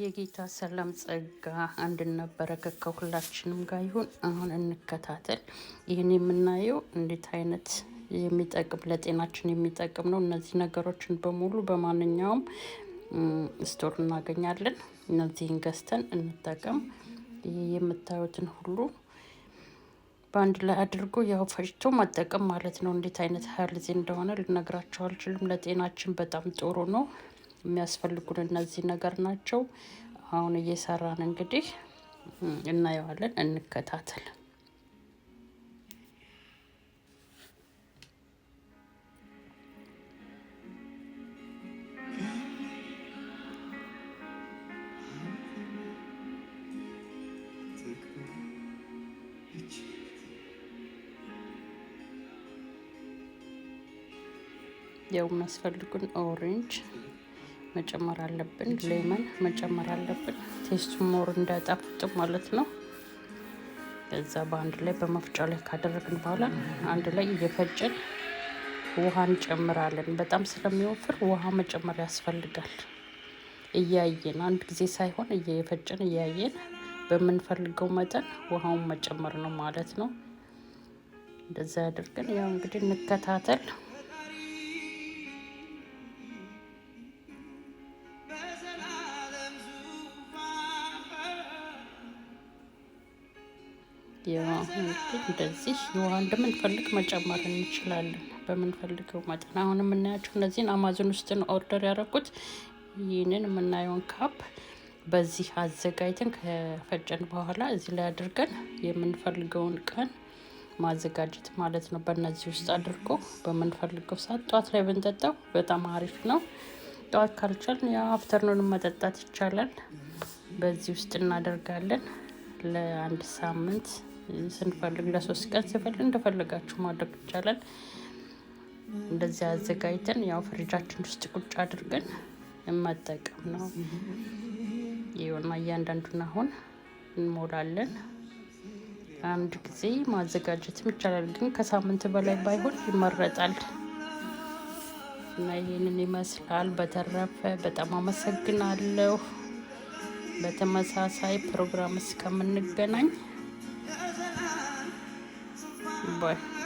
የጌታ ሰላም ጸጋ አንድነት በረከት ከሁላችንም ጋር ይሁን። አሁን እንከታተል። ይህን የምናየው እንዴት አይነት የሚጠቅም ለጤናችን የሚጠቅም ነው። እነዚህ ነገሮችን በሙሉ በማንኛውም ስቶር እናገኛለን። እነዚህን ገዝተን እንጠቀም። ይህ የምታዩትን ሁሉ በአንድ ላይ አድርጎ ያው ፈጭቶ መጠቀም ማለት ነው። እንዴት አይነት ዜ እንደሆነ ልነግራቸው አልችልም። ለጤናችን በጣም ጥሩ ነው። የሚያስፈልጉን እነዚህ ነገር ናቸው። አሁን እየሰራን እንግዲህ እናየዋለን። እንከታተል። ያው የሚያስፈልጉን ኦሬንጅ መጨመር አለብን። ሌመን መጨመር አለብን። ቴስቱ ሞር እንዳይጣፍጥ ማለት ነው። ከዛ በአንድ ላይ በመፍጫ ላይ ካደረግን በኋላ አንድ ላይ እየፈጨን ውሃ እንጨምራለን። በጣም ስለሚወፍር ውሃ መጨመር ያስፈልጋል። እያየን አንድ ጊዜ ሳይሆን እየፈጭን እያየን በምንፈልገው መጠን ውሃውን መጨመር ነው ማለት ነው። እንደዛ አድርገን ያው እንግዲህ እንከታተል። እንደዚህ ውሃ እንደምንፈልግ መጨመር እንችላለን በምንፈልገው መጠን። አሁን የምናያቸው እነዚህን አማዞን ውስጥን ኦርደር ያደረኩት። ይህንን የምናየውን ካፕ በዚህ አዘጋጅተን ከፈጨን በኋላ እዚህ ላይ አድርገን የምንፈልገውን ቀን ማዘጋጀት ማለት ነው። በእነዚህ ውስጥ አድርጎ በምንፈልገው ሰዓት ጠዋት ላይ ብንጠጣው በጣም አሪፍ ነው። ጠዋት ካልቻልን የአፍተርኑን መጠጣት ይቻላል። በዚህ ውስጥ እናደርጋለን ለአንድ ሳምንት ስንፈልግ ለሶስት ቀን ስፈልግ እንደፈለጋችሁ ማድረግ ይቻላል። እንደዚህ አዘጋጅተን ያው ፍሪጃችን ውስጥ ቁጭ አድርገን የማጠቀም ነው። ይኸውና እያንዳንዱን አሁን እንሞላለን። አንድ ጊዜ ማዘጋጀትም ይቻላል፣ ግን ከሳምንት በላይ ባይሆን ይመረጣል። እና ይህንን ይመስላል። በተረፈ በጣም አመሰግናለሁ። በተመሳሳይ ፕሮግራም እስከምንገናኝ boy.